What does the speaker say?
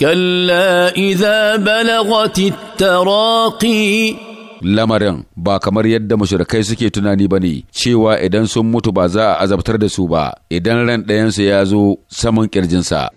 كلا إذا بلغت التراقي lamarin ba kamar yadda mashirkai suke tunani ba ne cewa idan sun mutu ba za a azabtar da su ba idan ran ɗayansu ya zo saman ƙirjinsa.